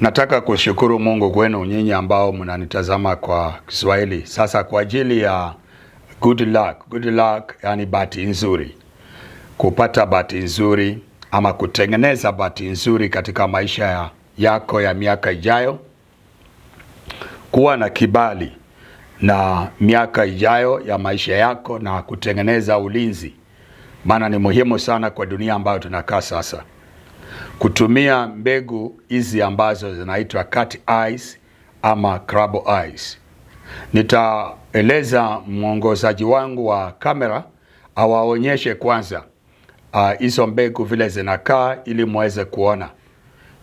Nataka kushukuru Mungu kwenu nyinyi ambao mnanitazama kwa Kiswahili. Sasa kwa ajili ya good luck, good luck yani bahati nzuri, kupata bahati nzuri ama kutengeneza bahati nzuri katika maisha ya yako ya miaka ijayo, kuwa na kibali na miaka ijayo ya maisha yako na kutengeneza ulinzi, maana ni muhimu sana kwa dunia ambayo tunakaa sasa kutumia mbegu hizi ambazo zinaitwa cat eyes ama crab eyes. Nitaeleza mwongozaji wangu wa kamera awaonyeshe kwanza uh, hizo uh, mbegu vile zinakaa ili muweze kuona.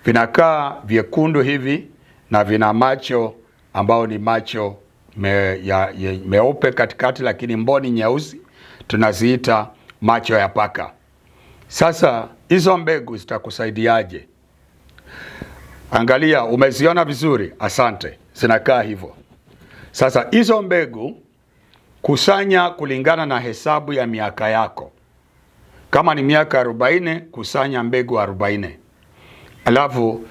Vinakaa vyekundu hivi na vina macho ambao ni macho me, ya, ya, meupe katikati, lakini mboni nyeusi, tunaziita macho ya paka. Sasa hizo mbegu zitakusaidiaje? Angalia, umeziona vizuri, asante, zinakaa hivyo. Sasa hizo mbegu kusanya kulingana na hesabu ya miaka yako. Kama ni miaka 40, kusanya mbegu 40. Alafu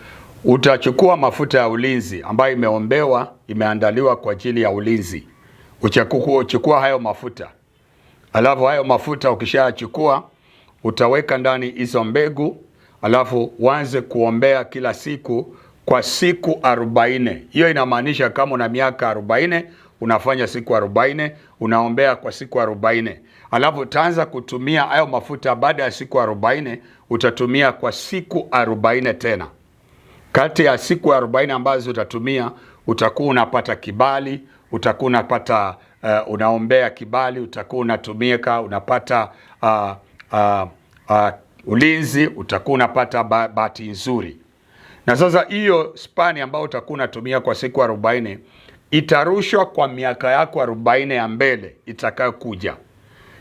utachukua mafuta ya ulinzi ambayo imeombewa, imeandaliwa kwa ajili ya ulinzi. Uchukua hayo mafuta, alafu hayo mafuta ukishayachukua utaweka ndani hizo mbegu, alafu uanze kuombea kila siku kwa siku arobaini. Hiyo inamaanisha kama una miaka arobaini unafanya siku arobaini unaombea kwa siku arobaini alafu utaanza kutumia hayo mafuta. Baada ya siku arobaini utatumia kwa siku arobaini tena. Kati ya siku arobaini ambazo utatumia utakuwa unapata kibali, utakuwa unapata uh, unaombea kibali, utakuwa unatumika unapata uh, uh, uh, ulinzi utakuwa unapata bahati nzuri, na sasa hiyo spani ambayo utakuwa unatumia kwa siku arobaini itarushwa kwa miaka yako arobaini ya mbele itakayokuja.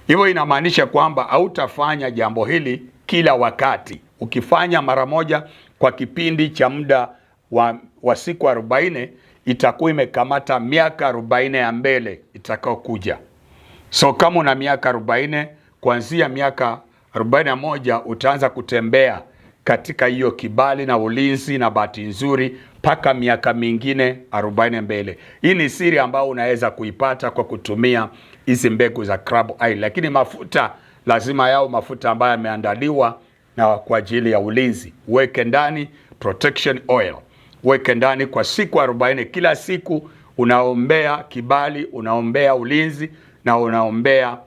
Hivyo inamaanisha kwamba hautafanya jambo hili kila wakati. Ukifanya mara moja kwa kipindi cha muda wa, wa siku arobaini itakuwa imekamata miaka arobaini ya mbele itakayokuja. So kama una miaka arobaini kuanzia miaka 41 utaanza kutembea katika hiyo kibali na ulinzi na bahati nzuri mpaka miaka mingine 40 mbele. Hii ni siri ambayo unaweza kuipata kwa kutumia hizi mbegu za crab eye, lakini mafuta lazima yao mafuta ambayo yameandaliwa na kwa ajili ya ulinzi. Weke ndani protection oil, weke ndani kwa siku 40. Kila siku unaombea kibali, unaombea ulinzi na unaombea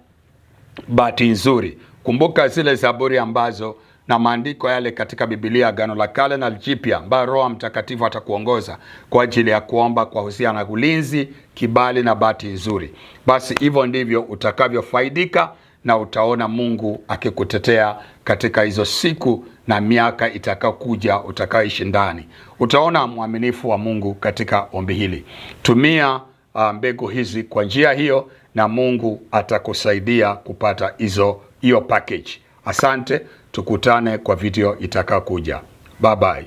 bahati nzuri. Kumbuka zile Zaburi ambazo na maandiko yale katika Biblia, Agano la Kale na Jipya, ambayo Roho Mtakatifu atakuongoza kwa ajili ya kuomba kwa husiana na ulinzi, kibali na bahati nzuri. Basi hivyo ndivyo utakavyofaidika na utaona Mungu akikutetea katika hizo siku na miaka itakayokuja utakaoishi ndani. Utaona mwaminifu wa Mungu katika ombi hili. Tumia Uh, mbegu hizi kwa njia hiyo, na Mungu atakusaidia kupata hizo hiyo package. Asante, tukutane kwa video itakayokuja. Bye bye.